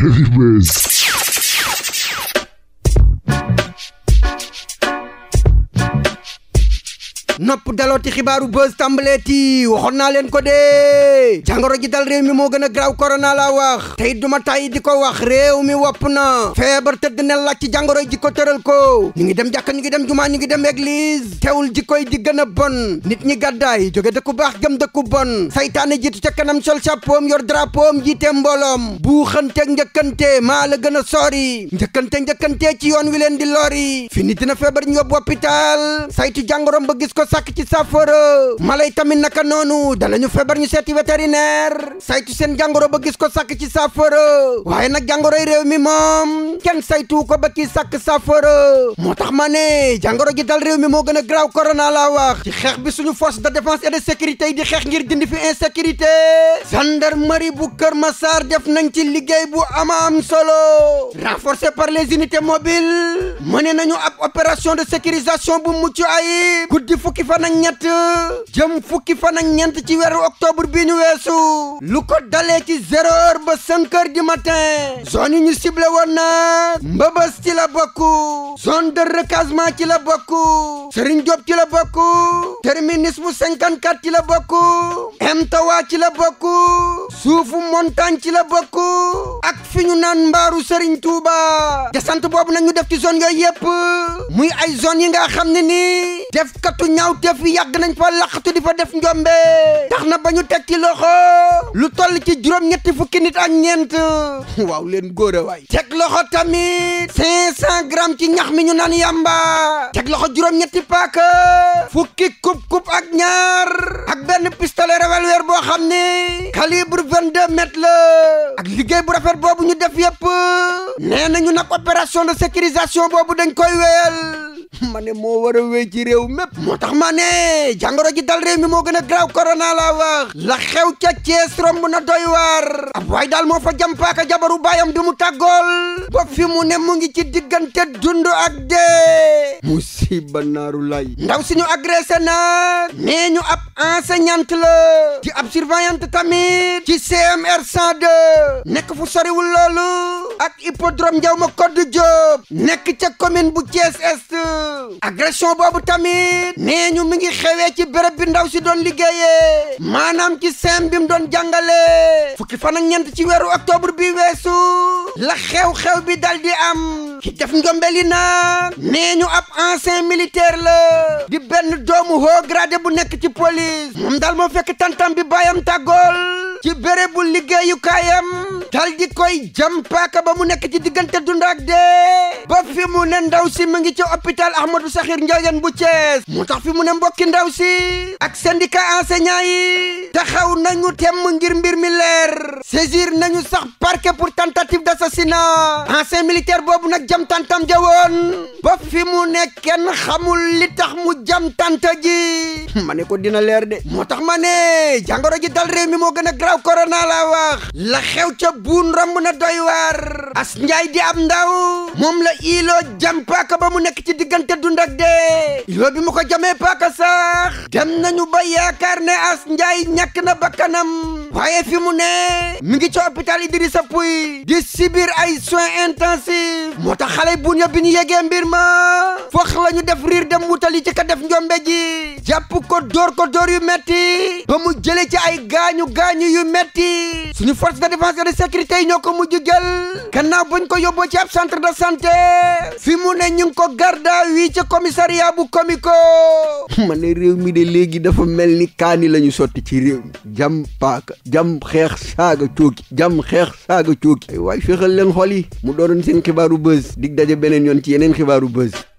Heavyweight. nopp dalooti xibaaru buzz tàmbaleeti waxoon naa leen ko dee jàngoro ji dal réew mi moo gën a graw korona laa wax tey duma tàyyi di ko wax réew mi wopp na feebar tëdd na laaj ci jàngoro ji ko tëral ko ñu ngi dem jàkka ñu ngi dem jumaa ñu ngi dem église teewul ji koy di gën a bon nit ñi gàddaay jóge dëkku baax gëm dëkku bon saytaane ji ca kanam sol chapeau yor drapeau jiite mbooloom buuxante njëkkante maa la gën a sori njëkkante njëkkante ci yoon wi leen di lori fi nit dina feebar ñu yóbbu hôpital saytu jàngoroom ba gis ko sàkk ci saafara mala yi tamit naka noonu danañu feebar ñu seeti vétérinaire saytu seen jàngoro ba gis ko sàkk ci saafara waaye nag jàngoroy réew mi moom kenn saytu ko ba ki sàkk saafara moo tax ma ne jàngoro ji dal réew mi moo gën a graaw corona laa wax ci xeex bi suñu force de défense et de sécurité i di xeex ngir dindi fi insécurité gendarmerie bu Kër masar def nañ ci liggéey bu ama am solo renforcé par les unités mobiles mené nañu ab opération de sécurisation bu mucc fukki fan ak jëm fukki fan ak ñeent ci weeru octobre bi ñu weesu lu ko dalee ci zéro heure ba cinq heures du matin zone ñu ciblé woon nag mbëbës ci la bokk zone de recasement ci la bokk Serigne Diop ci la bokk terminus bu 54 ci la bokk Mtawa ci la bokk suufu montagne ci la bokk ak fi ñu naan mbaaru Serigne Touba descente boobu nañu def ci zone yooyu yëpp muy ay zone yi nga xam ne nii def katu ñaawteef yi yàgg nañ fa laqatu di fa def njombe tax na ba ñu teg ci loxo lu toll ci juróom-ñetti fukki nit ak ñeent waaw leen góor a waay teg loxo tamit cinq cent grammes ci ñax mi ñu naan yàmba teg loxo juróom-ñetti paaka fukki kub kub ak ñaar ak benn a revolver boo xam ne calibre vingt-deux mètres la ak liggéey bu rafet boobu ñu def yëpp nee nañu nag opération de sécurisation boobu dañ koy wéyal ma ne moo war a wéy ci réew mépp moo tax ma ne jàngoro ji dal réew mi moo gën a graaw korona laa wax la xew ca Cees romb na doy waar ab waay moo fa jàmpaaka jabaru baayam du mu tàggool fi mu ne mu ngi ci diggante dund ak dee musiba naaru lay ndaw si ñu agressé nag nee ñu ab enseignante la di ab surveillante tamit ci CMR 102 nekk fu soriwul loolu ak hippodrome njaw ma Codé Diop nekk ca commune bu Thiès Est agression boobu tamit nee ñu mi ngi xewee ci béréb bi ndaw si doon liggéeyee maanaam ci sem bi mu doon jàngalee fukki fan ak ñeent ci weeru octobre bi weesu la xew-xew bi dal am ki def njombeli naan nee ñu ab ancien militaire la di benn doomu haut bu nekk ci police moom daal moo fekk tantam bi baayam tàggool ci bérébu liggéeyukaayam dal di koy jam ba mu nekk ci diggante dund ak dee ba fi mu ne ndaw si mu ngi ci hôpital Ahmadou Sakhir Ndiéguène bu Thiès mu tax fi mu ne mbokki ndaw si ak syndicat enseignant yi taxaw nañu temm ngir mbir mi leer saisir nañu sax parquet pour tentative d'assassinat ancien militaire boobu nag jam tantam ja woon fi mu ne kenn xamul li tax mu jam tanta ma ne ko dina leer de moo tax ma ne jàngoro ji dal réew moo gën a graw corona laa wax la xew ca buun romb na doy waar as njaay di am ndaw moom la iloo jam paaka ba mu nekk ci diggante dund ak dee iloo bi mu ko jamee paaka sax dem nañu ba yaakaar ne as njaay ñàkk na bakkanam waaye fi mu ne mi ngi ci hôpital a Pouye di sibir ay soins intensifs moo tax xale buñ bi ñu yegee mbir ma fox la ñu def riir dem wutali ci ka def njombe ji jàpp ko dóor ko dóor yu metti ba mu jëlee ci ay gaañu gaañu yu metti suñu force de défense et de sécurité yi ñoo ko mujj jël gannaaw bañ ko yóbboo ci ab centre de santé fi mu ne ñu ko garda wii ci commissariat bu Comico ma ne réew mi de léegi dafa mel ni kaani la ñu sotti ci réew mi jam paaka jam xeex saaga cuuki jam xeex saaga cuuki ay waay féexal leen xol yi mu doonoon seen xibaaru buzz dig daje beneen yoon ci yeneen xibaaru buzz